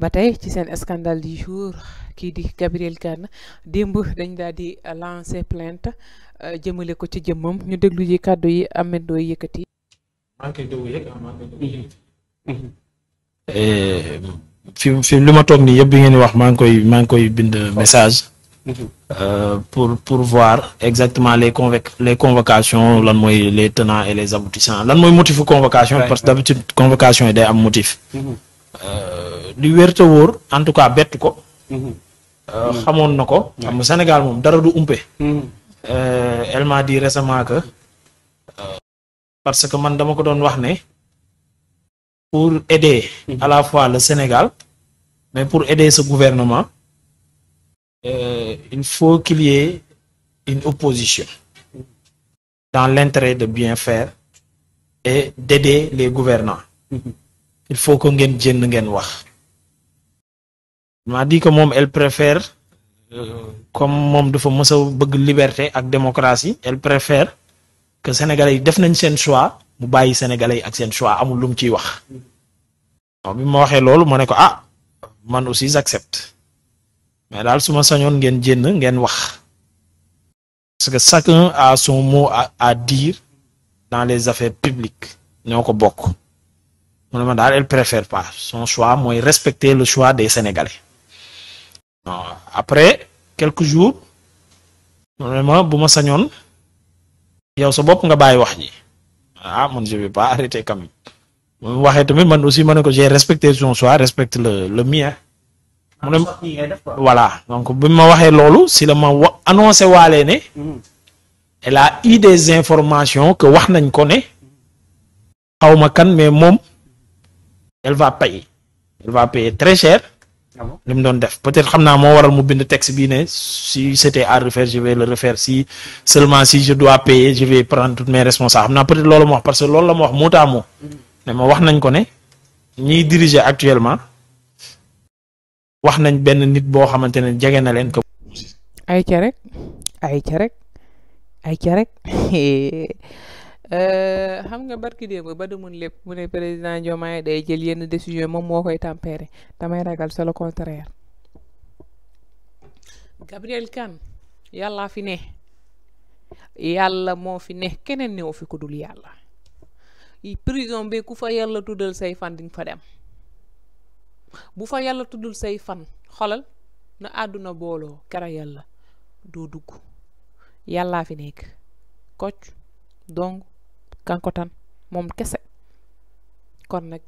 ba tey ci seen scandale du jour kii di Gabrielle Kane démb dañ daal di lancer plainte euh, jëmale ko ci jëmmam ñu déglu ji kàddu yi Ameth Ndoye yëkkati. Ah, eh, fi fi li ma toog yëpp bi ngeen wax maa ngi koy maa koy bind message. Euh, pour pour voir exactement les les convocations les tenants et les aboutissants lan motif de convocation parce que d'habitude convocation est d'un motif mm-hmm. euh, li en tout cas bett ko mm-hmm. Euh, mm-hmm. xamoon na ko Sénégal du elle m'a dit récemment que parce que man dama ko don wax pour aider à la fois le Sénégal mais pour aider ce gouvernement euh, il faut qu'il y ait une opposition dans l'intérêt de bien faire et d'aider les gouvernants. Il faut qu'on gagne Elle m'a dit que mom, elle préfère, euh, comme mom de la liberté et démocratie, elle préfère que les Sénégalais fassent un choix, que les sénégalais ak choix à lu ah man aussi j'accepte mais dal suma ma ngeen ngeen wax parce que chacun a son mot à dire dans les affaires publiques ñoko bok mon elle préfère pas son choix mooy respecter le choix des Sénégalais après quelques jours normalement yow sa nga wax ah je pas arrêter comme aussi j'ai respecté son choix respecte le mien voilà donc bi ma waxé lolu si la ma annoncé waalee hmm. elle a eu des informations que wax nañ ko ne xawma kan mais mom elle va payer elle va payer très cher ah lim doon def peut-être xamna mo waral mu bind texte bi né si c'était à refaire je vais le refaire si seulement si je dois payer je vais prendre toutes mes responsabilités xamna peut-être lolu mo wax parce que lolu la mo wax motamo hmm. né ma wax nañ ko né diriger actuellement wax nañ benn nit boo xamante ne jege na leen ko. ay ca ay ca rek ay ca rek euh, xam nga barki démb ba demoon lépp mu ne président Diomaye day jël yenn décision moom moo koy tempérer damay ragal c'est le contraire. Gabriel Kane yàllaa fi ne yàlla moo fi ne keneen newu fi ku dul yàlla prison bi ku fa yàlla tuddal say fan di nga fa dem. bu fa yàlla tuddul say fan xolal na àdduna booloo kera yàlla doo dugg yàllaa fi nekk kocc dong kankotan moom kese kon nag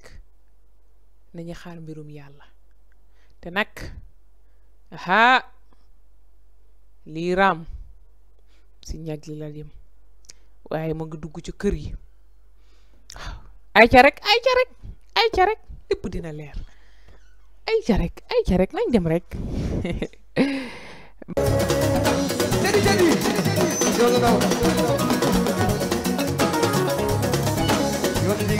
nañu xaar mbirum yàlla te nag ahaa lii raam si ñag li la jëm waaye mu ngi dugg ci kër yi ay ca rek ay ca dina leer ay rek ay rek nañ dem rek.